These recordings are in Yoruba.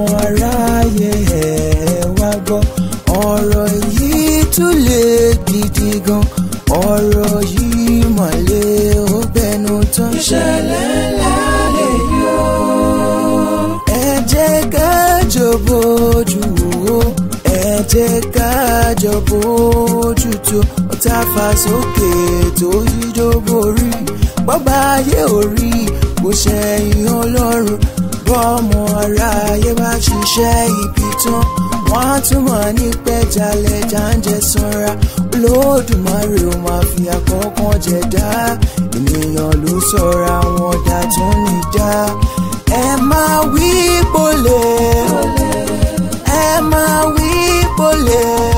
àwọn aráyé ẹ̀ wá gbọ́ ọ̀rọ̀ yìí tún lè gidi gan ọ̀rọ̀ yìí mọ̀lẹ́ ó bẹnu tán. ìṣẹ̀lẹ̀ ńlá lè yọ. ẹ jẹ́ ká jọ̀bọ̀ ojú wo ẹ jẹ́ ká jọ̀bọ̀ ojú tó ọ̀tá fa sókè tó yí borí bọ́gbà ayé orí kò ṣẹ̀yìn o. ṣe ibi tán wọ́n á túmọ̀ ní pẹ́jálẹ̀ jáǹjẹ sanra olódùmarè ó máa fi àkọ́kàn jẹ dá ènìyàn ló sọra wọn dá tó ní dá ẹ máa wí pọ̀lẹ́ ẹ máa wí pọ̀lẹ́.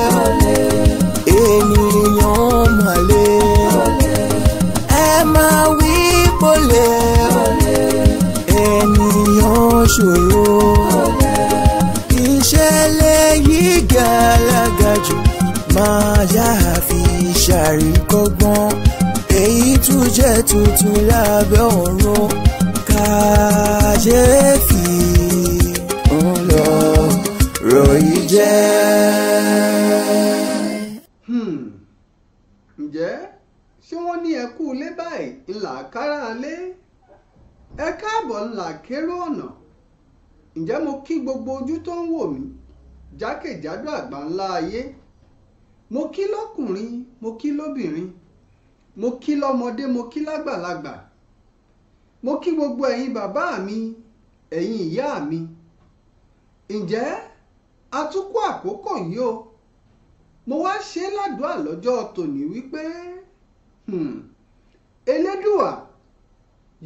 máa yá àfi ṣàríkọ́gbọ́n èyí tún jẹ́ tuntun lábẹ́ ọ̀run kàyéfì ń lọ ròyìn jẹ́. Hmm. ǹjẹ́ ṣé wọ́n ní ẹ kú ilé báyìí ńlá kára lé ẹ káàbọ̀ ńlá kéré ọ̀nà ǹjẹ́ mo kí gbogbo ojú tó ń wò mí jákèjádò àgbáńlá ayé mo kí lọ́kùnrin mo kí lóbìnrin mo kí lọ́mọdé mo kí lágbàlagbà mo kí gbogbo ẹ̀yin bàbá mi ẹ̀yin ìyá mi ǹjẹ́ a tún kó àkókò yìí o mo wá ṣe ládùúà lọ́jọ́ tòní wípé hmm, elédùà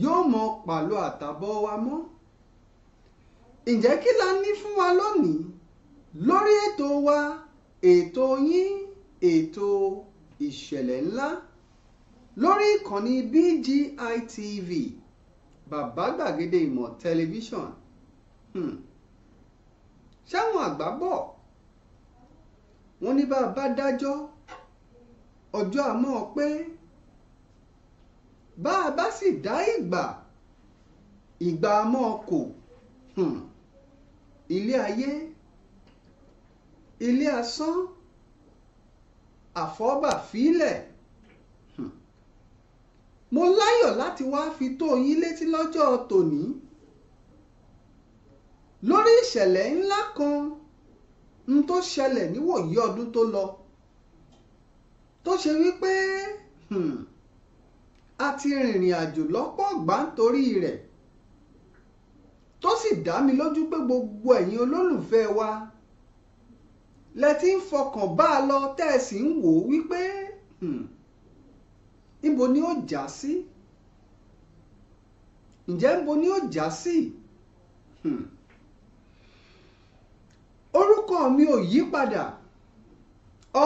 yóò mọ pàlọ́ àtàbọ̀ wa mọ́ ǹjẹ́ kí la ní fún wa lónìí lórí ètò wa ètò yín ètò ìṣẹ̀lẹ̀ ńlá lórí ìkànnì BGI TV bàbá gbàgede ìmọ̀ tẹlifíṣàn hmm. ṣáwọn àgbà bọ̀ wọ́n ní bá a bá dájọ́ ọjọ́ àmọ́ pé bá a bá sì dá ìgbà ìgbà àmọ́ kò hmm. ilé ayé ilé asán àfọ́bà fílẹ̀ hmm. mo láyọ̀ láti wáá fi tó yín létí lọ́jọ́ tòní lórí ìṣẹ̀lẹ̀ ńlá kan n tó ṣẹlẹ̀ níwòyí ọdún tó lọ tó ṣe wípé hmm, a ti rìnrìn àjò lọ́pọ̀ ọ̀gbá rẹ̀ tó sì dá mi lójú pé gbogbo ẹ̀yin olólùfẹ́ wa. lẹ ti ń fọkàn bá a lọ tẹ́ ẹ sì ń wò ó wípé hmm, níbo ni ó já sí ǹjẹ́ níbo ni ó já sí hmm. orúkọ mi ò yí padà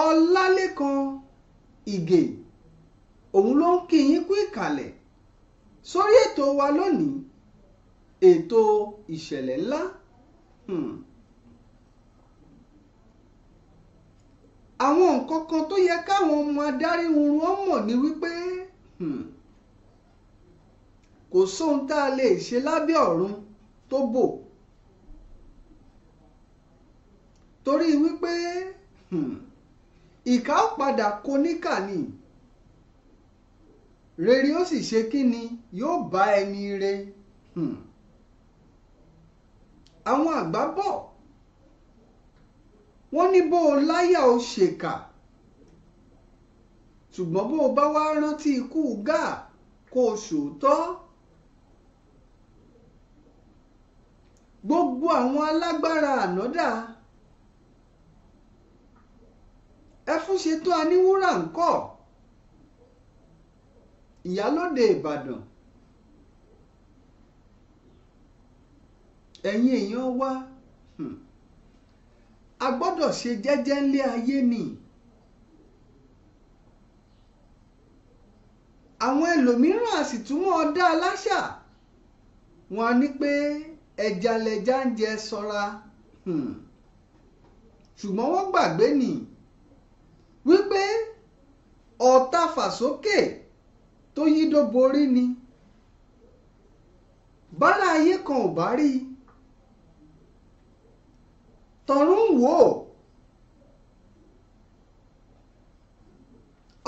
ọlálékan ìgè òun ló ń kí yín kú ìkàlẹ̀ sórí ètò wa lónìí ètò ìṣẹ̀lẹ̀ ńlá. Hmm. àwọn nǹkan kan tó yẹ káwọn ọmọ adarí oorun wọn mọ̀ ní wípé hmm, kò sóhun tá a lè ṣe lábẹ́ ọ̀run tó bò torí wípé hmm, ìkà ó padà koníkà ni rere ó sì ṣe kí ni yóò bá ẹni re hmm. àwọn àgbà bọ̀ wọ́n ní bó o láyà o ṣèkà ṣùgbọ́n bó o bá wá rántí ikú gáà kó o ṣòótọ́ gbogbo àwọn alágbára ànádà ẹfúnṣetó aníwúrà ńkọ́ ìyálóde ìbàdàn ẹ̀yin èèyàn wa a gbọ́dọ̀ ṣe jẹ́jẹ́ ńlé ayé ni àwọn ẹlòmíràn a sì túmọ̀ ọ̀dá aláṣà wọn ní pé ẹja lẹja ń jẹ sọra hmm. ṣùgbọ́n wọ́n gbàgbé ni wípé ọ̀tá fàsókè tó yí dó borí ni bára ayé kan ò bá rí i tọ̀run ń wò ó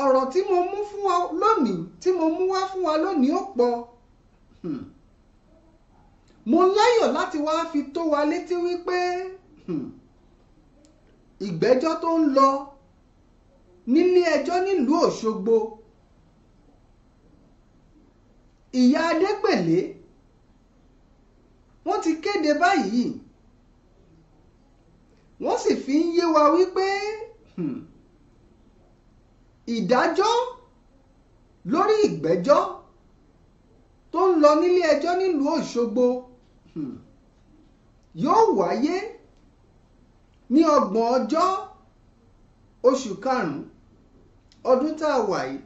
ọ̀rọ̀ tí mo mú fún wa lónìí tí mo mú wá fún wa lónìí ó pọ̀ hmm. mo láyọ̀ láti wá fi tó wa létí wípé hmm, ìgbẹ́jọ́ tó ń lọ nílé ẹjọ́ nílùú Òṣogbo ìyá Adépèlé wọ́n ti kéde báyìí wọ́n sì fi ń yé wa wípé hmm, ìdájọ́ lórí ìgbẹ́jọ́ tó ń lọ nílé ẹjọ́ nílùú Òṣogbo hmm, yóò wáyé ní ọgbọ̀n ọjọ́ oṣù karùn-ún ọdún tá a wà yìí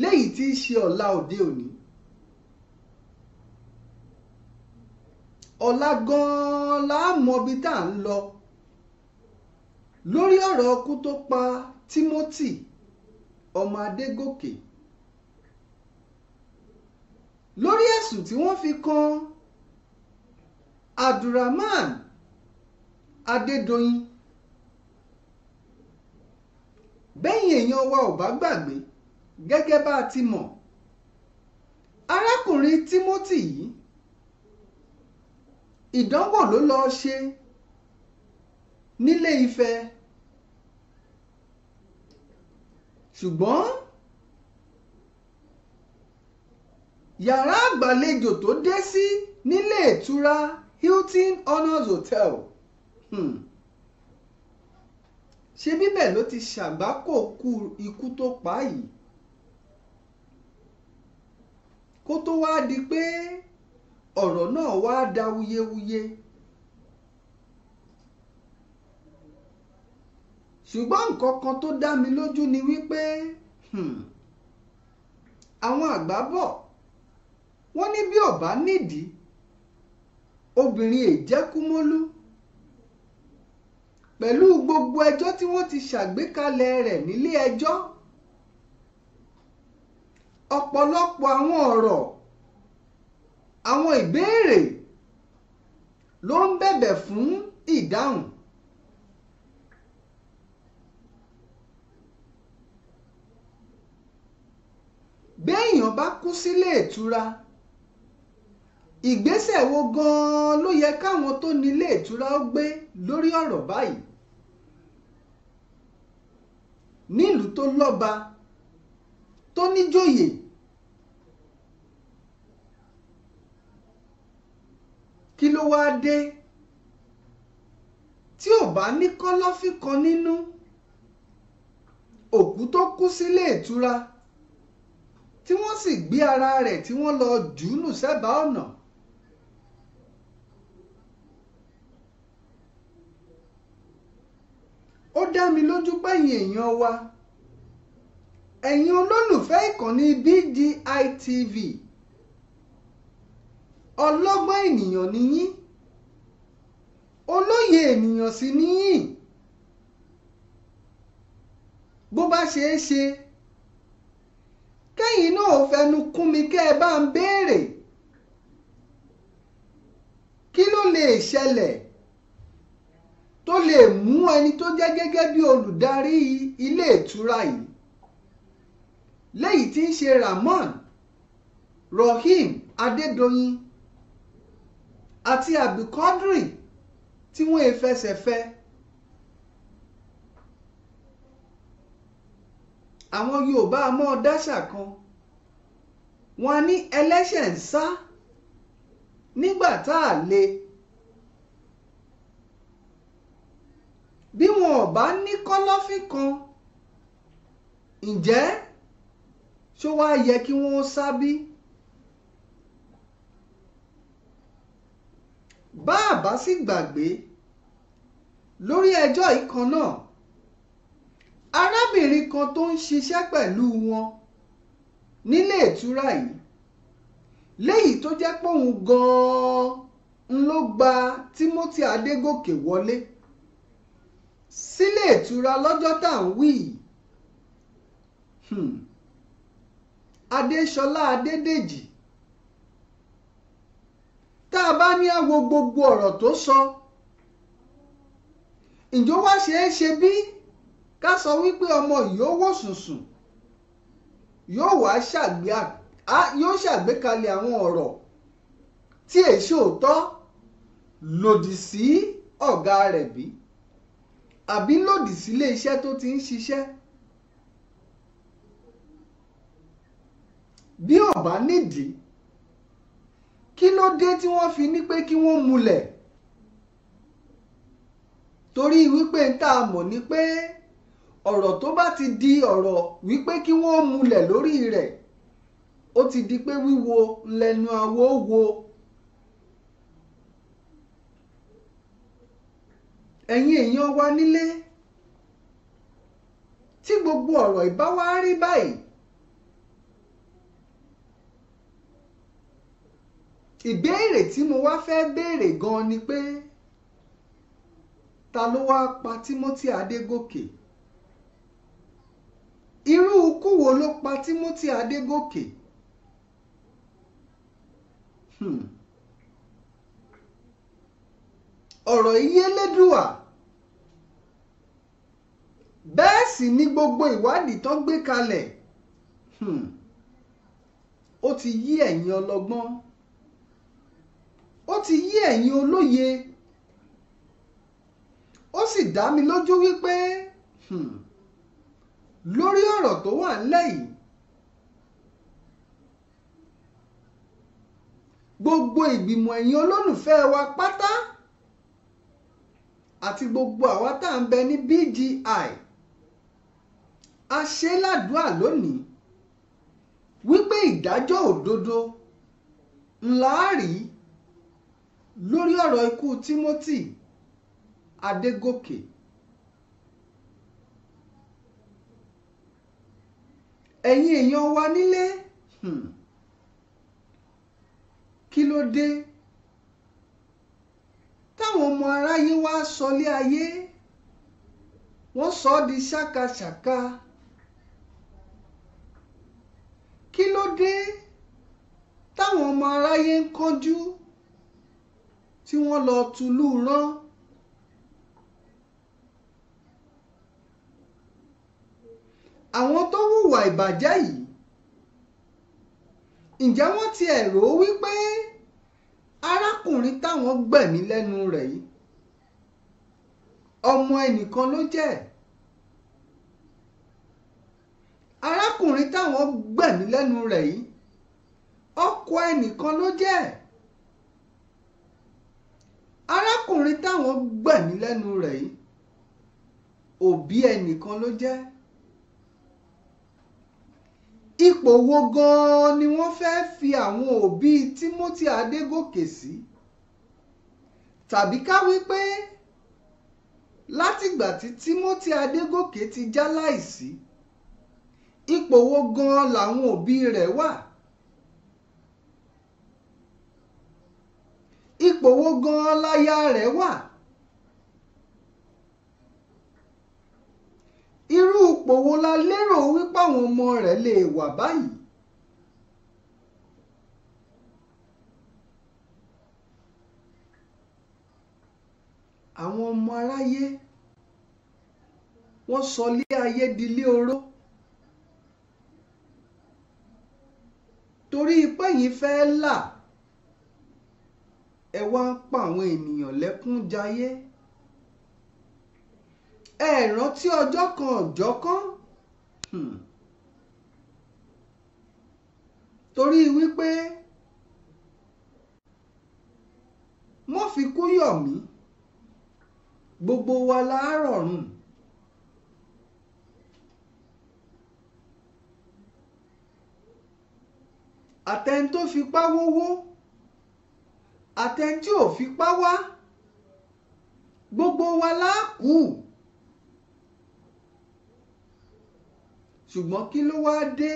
léyìí tí í ṣe ọ̀la òde òní ọ̀la gan-an la mọ ibi tá à ń lọ lórí ọ̀rọ̀ ọkú tó pa Timothy ọmọ Adégòkè lórí ẹ̀sùn tí wọ́n fi kan Abdulrahman Adédoyin bẹ́yìn èèyàn wa ò bá gbàgbé gẹ́gẹ́ bá a ti mọ̀ arákùnrin Timothy yìí ìdánwò ló lọ́ọ́ ṣe nílé Ifẹ̀ ṣùgbọ́n yàrá àgbàlejò tó dé sí nílé ìtura Hilton Honors Hotel hmm. ṣé bíbẹ̀ ló ti ṣàgbákò ikú tó pa á yìí kó tó wáá di pé ọ̀rọ̀ náà wáá da wuyewuye. Wuye ṣùgbọ́n nǹkan kan tó dá mi lójú ni wípé hmm, àwọn àgbà bọ̀ wọ́n ní bí ọ̀bá nídìí obìnrin èjẹ́kúmólú pẹ̀lú gbogbo ẹjọ́ tí wọ́n ti ṣàgbékalẹ̀ rẹ̀ nílé ẹjọ́ ọ̀pọ̀lọpọ̀ àwọn ọ̀rọ̀ àwọn ìbéèrè ló ń bẹ̀bẹ̀ fún ìdáhùn èèyàn bá kú sílé ìtura ìgbésẹ̀ wo gan-an ló yẹ káwọn tó nílé ìtura ó gbé lórí ọ̀rọ̀ báyìí nílùú tó lọ́ba tó níjòyè kí ló wáá dé tí ò bá ní kọ́lọ́fín kan nínú òkú tó kú sílé ìtura. E tí wọ́n sì gbé ara rẹ̀ tí wọ́n lọ jù ú nù sẹ́bàá ọ̀nà. ó dá mi lójú pẹ̀yìn èèyàn wa ẹ̀yin olólùfẹ́ ìkànnì BGI TV ọlọ́gbọ́n ènìyàn ni yín olóye ènìyàn sì ni yín bó bá ṣeé ṣe. ṣe kẹ́yìn náà ò fẹnu kún mi kẹ́ ẹ bá ń béèrè kí ló lè ṣẹlẹ̀ tó lè mú ẹni tó jẹ́ gẹ́gẹ́ bí olùdarí ilé ìtura yìí léyìí tí ń ṣe Ramon Rohim Adédoyin àti Abdulkadri tí wọ́n efẹsẹ̀fẹ́. E àwọn Yorùbá mọ́ dáṣà kan wọ́n ní ẹlẹ́ṣẹ̀ ń sá nígbà tá a lè bí wọn ò bá ní kọ́lọ́fín kan ǹjẹ́ ṣó wáá yẹ kí wọ́n sá bí? bá a bá sì gbàgbé lórí ẹjọ́ yìí kan náà arábìnrin kan tó ń ṣiṣẹ́ pẹ̀lú wọn nílé ìtura yìí léyìí tó jẹ́ póun gan-an ló gba Timothy Adégòkè wọlé sílé ìtura lọ́jọ́ tá à ń wí yìí hmm. Adéṣọlá Adédèjì tá a bá ní àwo gbogbo ọ̀rọ̀ tó sọ ǹjọ́ wá ṣeé ṣe bí? ká sọ wípé ọmọ yìí ó wò sùnsùn yóò wá ṣàgbékalẹ̀ àwọn ọ̀rọ̀ tí èyí ṣòótọ́ lòdì sí ọ̀gá rẹ̀ bí àbí lòdì sí ilé iṣẹ́ tó ti ń ṣiṣẹ́. bí ò bá nídìí kí ló dé tí wọ́n fi ní pé kí wọ́n múlẹ̀ torí wípé ń tá mọ̀ ni pé ọ̀rọ̀ tó bá ti di ọ̀rọ̀ wípé kí wọ́n múlẹ̀ lórí rẹ̀ ó ti di pé wíwo lẹ́nu awo wo ẹ̀yin èèyàn wa nílé tí gbogbo ọ̀rọ̀ ìbá wa rí báyìí ìbéèrè tí mo wá fẹ́ béèrè gan-an ni pé ta ló wáá pa Timothy Adégòkè? irú ikú wo ló pa Timothy Adégòkè hmm. ọ̀rọ̀ iyélédùà bẹ́ẹ̀ sì ni gbogbo ìwádìí tó gbé kalẹ̀ hmm. ó ti yí ẹ̀yin ọlọ́gbọ́n ó ti yí ẹ̀yin olóye ó sì dá mi lójú wípé. Hmm lórí ọ̀rọ̀ tó wà ńlẹ̀ yìí gbogbo ìgbìmọ̀ ẹ̀yin olólùfẹ́ wa pátá àti gbogbo àwa tá à ń bẹ ní BGI a ṣe ládùúà lónìí wípé ìdájọ́ òdodo ńlá rí lórí ọ̀rọ̀ ikú Timothy Adégòkè. ẹ̀yin èèyàn wa nílé hmm. kí ló dé táwọn ọmọ aráyé wá sọlé ayé wọ́n sọ ọ́ di ṣàkàṣàkà kí ló dé táwọn ọmọ aráyé ń kánjú tí wọ́n lọ tùlú rán. àwọn tó hùwà ìbàjẹ́ yìí ǹjẹ́ wọ́n ti ẹ̀rọ wípé arákùnrin táwọn gbẹ̀mí lẹ́nu rẹ̀ yìí ọmọ ẹnìkan ló jẹ́ arákùnrin táwọn gbẹ̀mí lẹ́nu rẹ̀ yìí ọkọ ẹnìkan ló jẹ́ arákùnrin táwọn gbẹ̀mí lẹ́nu rẹ̀ yìí òbí ẹnìkan ló jẹ́ ipò wo gan-an ni wọ́n fẹ́ẹ́ fi àwọn òbí Timothy Adégòkè sí tàbí ká wí pé látìgbà tí Timothy Adégòkè ti já láìsí ipò wo gan-an làwọn òbí rẹ̀ wà ipò wo gan-an láyà rẹ̀ wà. irú ipò wo la lérò wípé àwọn ọmọ rẹ̀ lè wà báyìí àwọn ọmọ aráyé wọ́n sọ lé ayé di lé oró torí ipá yìí fẹ́ là ẹ wá pa àwọn ènìyàn lẹ́kún jayé ẹ rántí ọjọ́ kan ọjọ́ kan hmm. torí wípé wọ́n fi kú yọ̀ mí gbogbo wa la rọ̀rùn àtẹni tó fipá wówó àtẹni tí ò fipá wá gbogbo wa la kú. ṣùgbọ́n kí ló wáá dé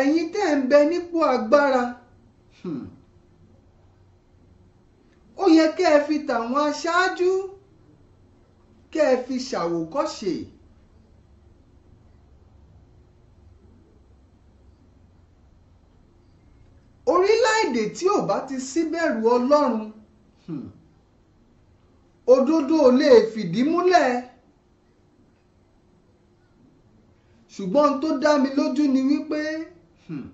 ẹ̀yin tẹ́ ń bẹ nípò agbára hmm. ó yẹ kẹ́ ẹ fi tàwọn aṣáájú kẹ́ ẹ fi ṣàwòkọ́ṣe. orílẹ̀-èdè tí ò bá ti síbẹ̀rù ọlọ́run hmm, òdodo ò lè fìdí múlẹ̀. Hmm. ṣùgbọ́n ohun tó dá mi lójú ni wípé hmm,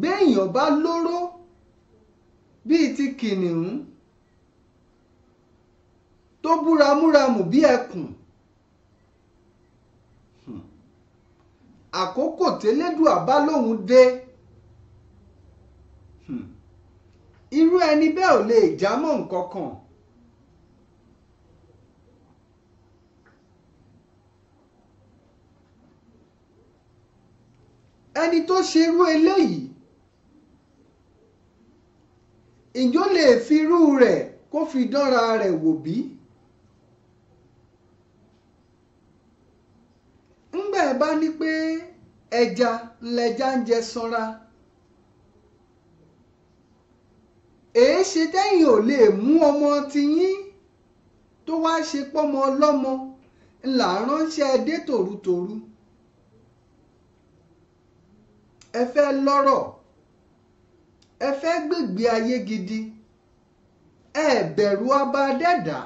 béèyàn bá lóró bíi ti kìnìún tó búramúramù bí ẹkùn hmm, àkókò tẹ́lẹ́dùà bá lóun dé hmm, irú ẹni bẹ́ẹ̀ ò lè já nǹkan kan. Hmm. ẹni tó ṣerú eléyìí ìjọ lè fi irú rẹ̀ kó fi dánra rẹ wò bí. ńgbà ẹ bá ní pé ẹja ńlẹja ń jẹ sanra èé ṣe tẹ́yìn ò lè mú ọmọ tiyín tó wá ṣe pọ́mọ ọlọ́mọ ńlá ránṣẹ́ dé tòrutòru. ẹ fẹ́ lọ́rọ̀ ẹ fẹ́ gbègbè ayé gidi ẹ bẹ̀rù ọba dẹ́dà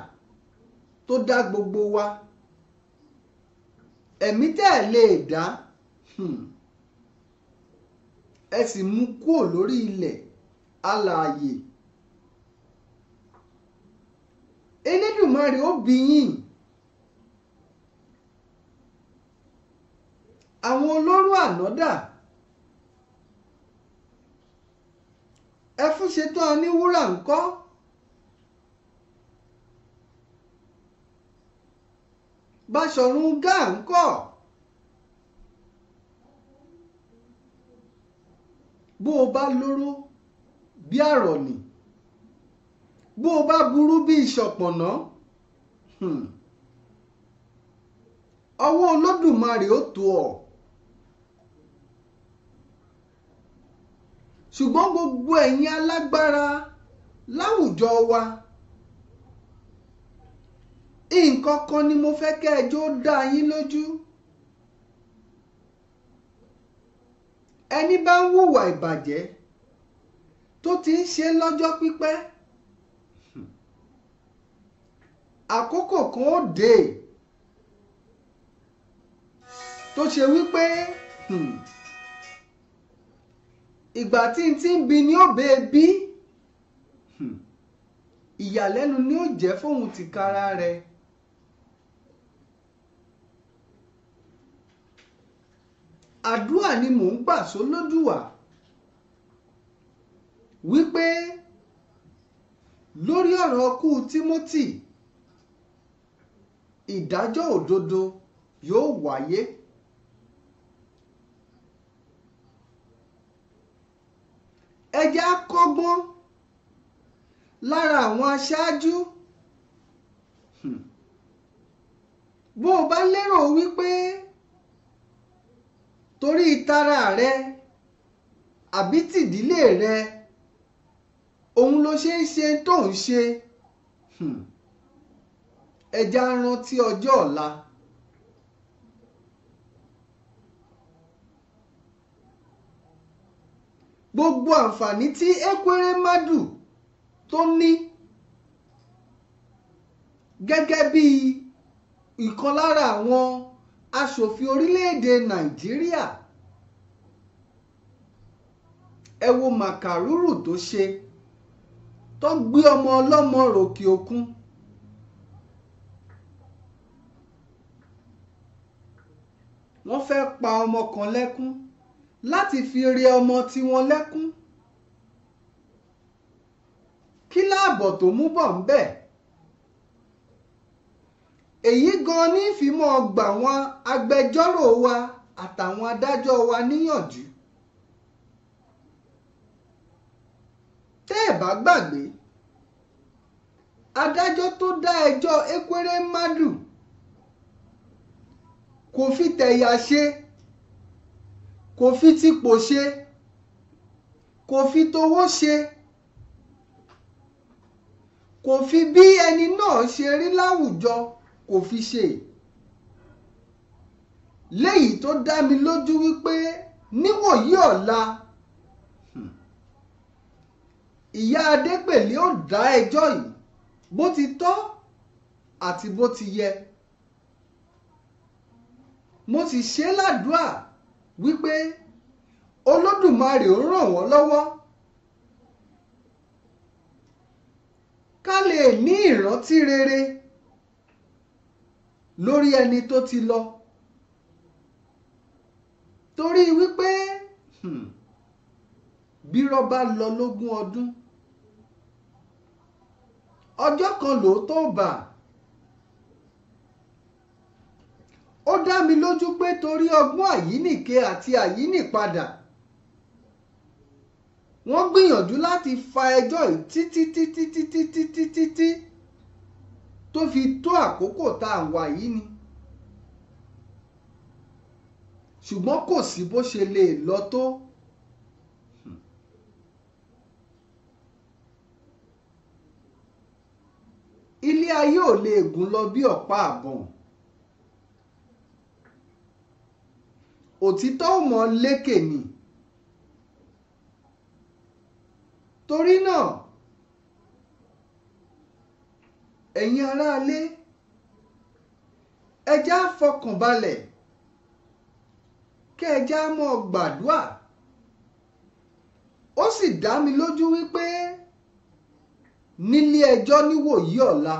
tó dá gbogbo wa ẹ̀mí tẹ́ ẹ̀ lè dá hmm, ẹ sì mú kúò lórí ilẹ̀ alààyè Elédùmarè ó bí yín àwọn olóró ànádà. No ẹ fún ṣetán ní wúrà ńkọ́. Báṣọ̀run Gáà ńkọ́. bó o bá lóró bí àrọ̀nì bó o bá burú bí ìṣọ̀pọ̀nà hmm. ọwọ́ Olódùmarè ó tó ọ. ṣùgbọ́n gbogbo ẹ̀yin alágbára láwùjọ wa nǹkan kan ni mo fẹ́ kẹ́ ẹ jó dá yín lójú ẹni bá ń hùwà ìbàjẹ́ tó ti ń ṣe lọ́jọ́ pípẹ́ àkókò kan ó dé tó ṣe wípé. Hmm ìgbà tí n ti ń bi ni ó bèé bí hmm. ìyàlẹ́nu ni ó jẹ́ fóun tìkára rẹ̀. àdúrà ni mò ń gbà sólódùwà wípé lórí ọ̀rọ̀ ọkú Timothy ìdájọ́ òdodo yóò wáyé. ẹjẹ́ á kọ́gbọ́n lára àwọn aṣáájú hmm. bó o bá lérò wípé torí ìtara rẹ àbí tìdílé rẹ òun ló ṣe ń ṣe tó ń ṣe hmm. ẹja rántí ọjọ́ ọ̀la. gbogbo àǹfààní tí Ekweremadu tó ní gẹ́gẹ́ bí ìkan lára àwọn aṣòfin orílẹ̀-èdè Nàìjíríà ẹ wo màkàrúrù tó ṣe tó gbé ọmọ ọlọ́mọ ròkè òkun. wọ́n fẹ́ pa ọmọ kan lẹ́kún láti fi re ọmọ tiwọn lẹ́kún kí láàbọ̀ tó mú bọ̀ ń bẹ̀ èyí gan ni ìfimọ́ gbà wọn agbẹjọ́rò wa àtàwọn adájọ́ wa níyànjú tẹ́ ẹ̀ bá gbàgbé adájọ́ tó dá ẹjọ́ Ekweremadu kò fi tẹ̀yà ṣe kò fi tipò ṣe kò fi towó ṣe kò fi bí ẹni náà ṣe rí láwùjọ kò fi ṣe léyìí tó dá mi lójú wípé níwòyí ọ̀la hmm, ìyá adépèlé ò dá ẹjọ́ yìí bó ti tọ́ àti bó ti yẹ mo sì ṣe é ládùúà wípé olódùmarè ó ràn wọ́n lọ́wọ́ ká lè ní ìrántí rere lórí ẹni tó ti lọ torí wípé hmm, bírọ̀ bá lọ lógún ọdún ọjọ́ kan lòótọ́ bà. ó dá mi lójú pé torí ọgbọ́n àyínìke àti àyínìpadà wọ́n gbìyànjú láti fa ẹjọ́ yìí títí títí títí títí títí tó fi tó àkókò tá à ń wà yìí ni ṣùgbọ́n kò sí bó ṣe lè lọ tó. ilé ayé ò lè gùn lọ bí ọ̀pá àbọ̀n. òtítọ́ ò mọ lékè ni torí náà ẹ̀yin aráalé ẹjá fọkànbalẹ̀ kẹ́ ẹjá mọ́ gbàdúà ó sì dá mi lójú wípé nílé ẹjọ́ níwòyí ọ̀la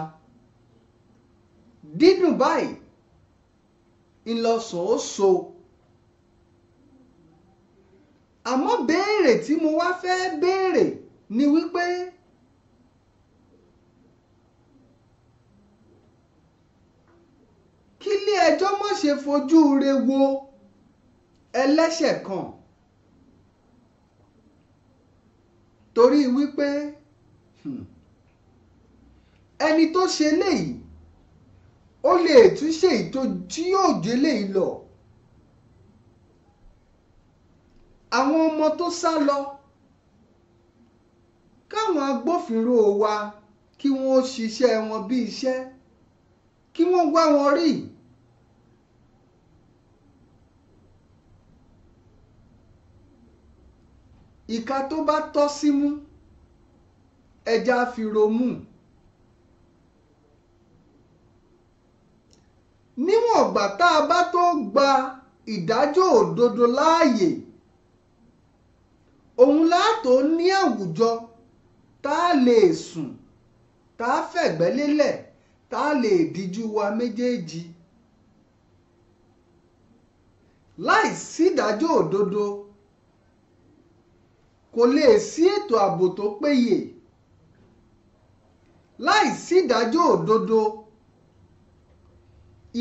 dídùn báyìí ńlọsàn ó so àmọ́ béèrè tí mo wá fẹ́ béèrè ni wípé kílé ẹjọ́ má ṣe fojú re wo ẹlẹ́ṣẹ̀ kan torí wípé hmm, ẹni tó ṣe léyìí ó lè tún ṣe èyí tí yóò délé yìí lọ. àwọn ọmọ tó sá lọ káwọn agbófinró wa kí wọ́n ó ṣiṣẹ́ wọn bí iṣẹ́ kí wọ́n wá wọn rí ìka tó bá tọ́ símú ẹja fi romú níwọ̀n ọ̀gbà tá a bá tó gba ìdájọ́ òdodo láàyè òun láàtò ní àwùjọ tá a lè sùn tá a fẹ̀gbẹ́ lélẹ̀ tá a lè díjú wa méjèèjì láì sí ìdájọ́ òdodo kò lè sí ètò ààbò tó péye láì sí ìdájọ́ òdodo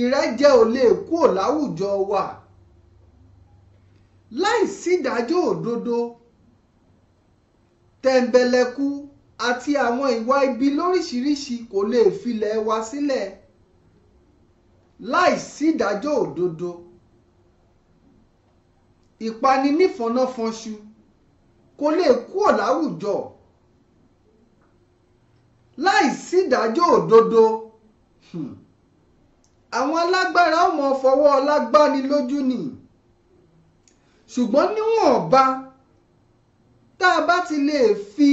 ìrẹ́jẹ ò lè kúrò láwùjọ wa láì sí ìdájọ́ òdodo tẹ̀m̀bẹ̀lẹ̀kù àti àwọn ìwà ibi lóríṣiríṣi kò lè filẹ̀ wa sílẹ̀ láìsí ìdájọ́ òdodo ìpaninífọ̀nàfọ̀nṣu kò lè kúrò láwùjọ láìsí ìdájọ́ òdodo hmm, àwọn alágbára ọmọ fọwọ́ ọlágbáni lójú ni ṣùgbọ́n níwọ̀nba. Hmm tá a bá ti lè fi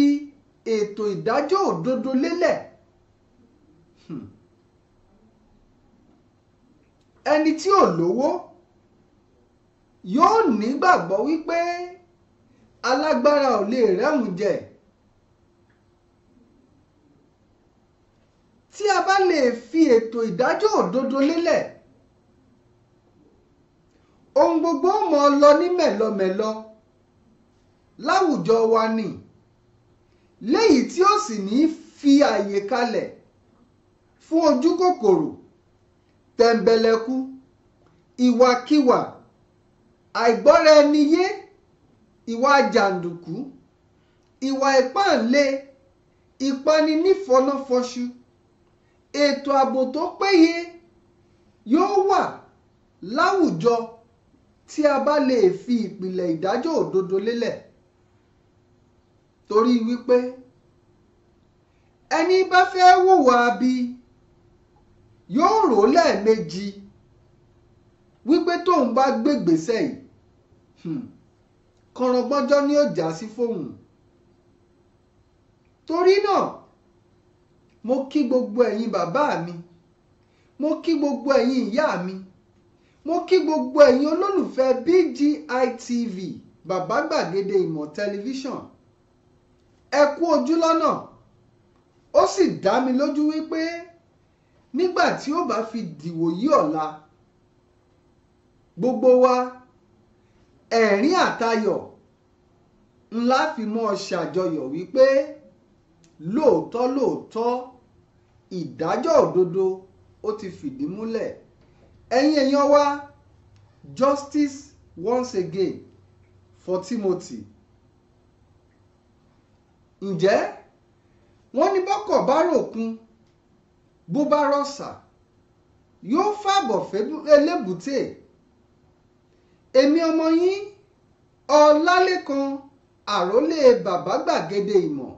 ètò ìdájọ́ òdodo lélẹ̀ hmm, ẹni tí ò lówó yóò nígbàgbọ́ wípé alágbára ò lè rẹ́hùn jẹ tí a bá lè fi ètò ìdájọ́ òdodo lélẹ̀ ohun gbogbo mọ́ ọ lọ ní mẹ̀lọmẹ̀lọ. Mẹ̀lọ láwùjọ wa ni léyìí tí ó sì ní fi àyè kalẹ̀ fún ojú kòkòrò tẹ̀m̀bẹ̀lẹ̀kú ìwàkiwà àìgbọ́ra ẹni yé ìwà jàǹdùkú ìwà ìpáǹle ìpani nífọnáfọṣu ètò ààbò tó péye yóò wà láwùjọ tí a bá lè fi ìpìlẹ̀ ìdájọ́ òdodo lélẹ̀ torí wípé ẹni bá fẹ́ hùwà bí yóò rò lẹ́ẹ̀mejì wípé tóun bá gbégbèsè yìí hmm, kọ̀rọ̀gbọ́njọ́ ni ó já sí fóun torí náà mo kí gbogbo ẹ̀yin bàbá mi mo kí gbogbo ẹ̀yin ìyá mi mo kí gbogbo ẹ̀yin olólùfẹ́ BGI TV bàbá gbàgede ìmọ̀ tẹlifíṣàn ẹ kú ojú lọ́nà ó sì dá mi lójú wípé nígbà tí ó bá fi dìwòyí ọ̀la gbogbo wa ẹ̀rín àtayọ̀ ńlá fi mọ́ ọ ṣàjọyọ̀ wípé lóòótọ́ lóòótọ́ ìdájọ́ òdodo ó ti fìdí múlẹ̀ ẹ̀yin èèyàn wa justice once again for Timothy ǹjẹ́ wọ́n ní bọ́kọ̀ bá ròkun bó bá rọ̀ṣà yóò fàbọ̀ elébùté èmi ọmọ yín ọlálékan àròlé bàbá gbàgede ìmọ̀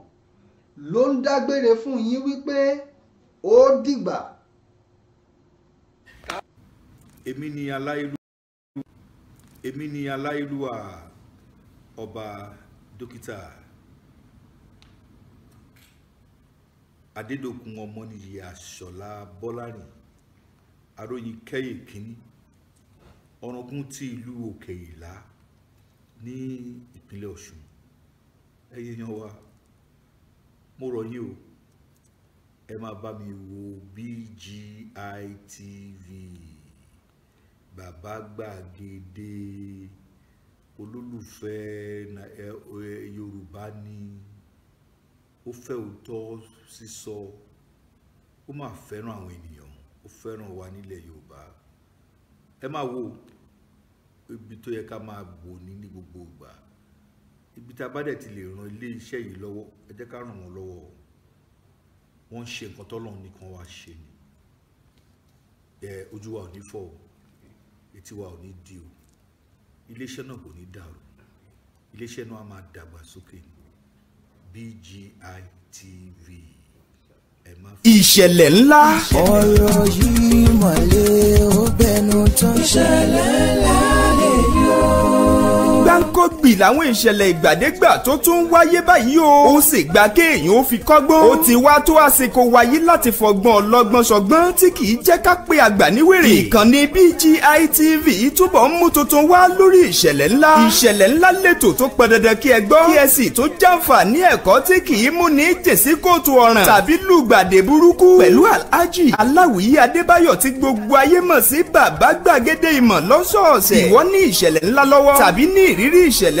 ló ń dágbére fún yín wípé ó dìgbà. èmi ni aláìlúwà èmi ni ọba dókítà. adédọ̀kun ọmọnìyí àṣọlá bọ́lárìn aróyin kẹ́yè kínní ọ̀ràngún ti ìlú òkè ìlá ní ìpínlẹ̀ ọ̀ṣun ẹ̀yin yan wa mo rọ̀ yín o ẹ máa bá mi wo BGI bàbá gbàgede olólùfẹ́ yorùbá ni. Eh, eh, ó fẹ́ òótọ́ sísọ ó máa fẹ́ràn àwọn ènìyàn ó fẹ́ràn wa nílẹ̀ yorùbá ẹ máa wo ibi tó yẹ ká máa wò ní ní gbogbo ìgbà ibi tá a bá dẹ̀ ti lè ran ilé iṣẹ́ yìí lọ́wọ́ ẹ jẹ́ ká ràn wọ́n lọ́wọ́ wọ́n ń ṣe nǹkan tọ́lọ́run nìkan wá ṣe ni ẹ ojú wa ò ní fọ́ o etí wa ò ní di o iléeṣẹ́ náà kò ní dàrú iléeṣẹ́ náà á máa dàgbà sókè ni BGI ìṣẹ̀lẹ̀ ńlá. ọ̀rọ̀ yìí mọ̀lẹ́ iyebíyì làwọn ìṣẹ̀lẹ̀ ìgbàdégbà tó tún ń wáyé báyìí o. ó sì gba kéèyàn ó fi kọ́gbọ́n. ó ti wá tó àsìkò wáyé láti fọgbọ́n ọlọ́gbọ́n ṣọgbọ́n tí kì í jẹ́ ká pé àgbà níwèrè. ìkànnì BGI TV túbọ̀ ń mú tuntun wá lórí ìṣẹ̀lẹ̀ ńlá. ìṣẹ̀lẹ̀ ńlá lètò tó pọn dandan kí ẹ gbọ́. kí ẹ sì tó jàǹfààní ẹ̀kọ́ tí kì í mú ní jèsí kóòtù ọ̀ràn. tàbí lùgbàdé burúkú. pẹ̀lú alhaji aláwìyí adébáyọ̀ tí gbogbo ayé mọ̀ sí bàbá gbàgede ìmọ̀ lọ́sọ̀ọ̀sẹ̀. ìwọ ní ìṣẹ̀lẹ̀ ńlá lọ́wọ́. tàbí ní ìrírí ìṣẹ̀lẹ̀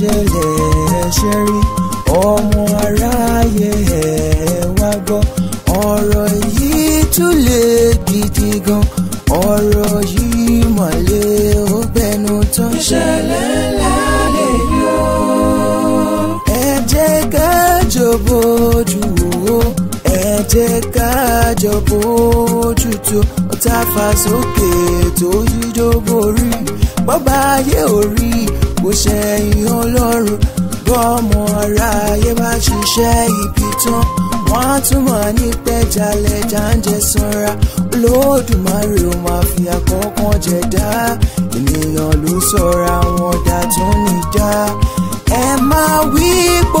ṣẹlẹ̀ ṣe rí ọmọ aráyé ẹ̀ wá gbọ́ ọ̀rọ̀ yìí tún lè gidi gan ọ̀rọ̀ yìí mọ̀lẹ́ ó bẹnu tán. ìṣẹ̀lẹ̀ ńlá lè yọ. ẹ jẹ́ ká jọ̀bọ̀ ojú wo ẹ ká jọ̀bọ̀ ojú tó tá a fà sókè tó yí borí bọ́bá ayé ò rí i ṣẹ̀yìn ọlọ́run bọ́ọ̀mọ aráyé bá ṣiṣẹ́ ibi tán wọ́n á tún máa ní pẹ́jálẹ̀ jáǹjẹ sanra olódùmarè ó máa fi àkọ́kàn jẹ dá ènìyàn ló sọra wọn dá tó níjà ẹ máa wí pé.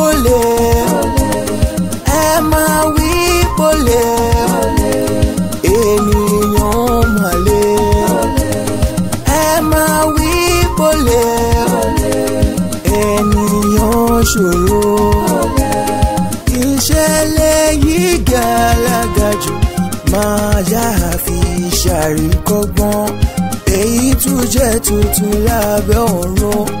tuntun lábẹ́ ọ̀run.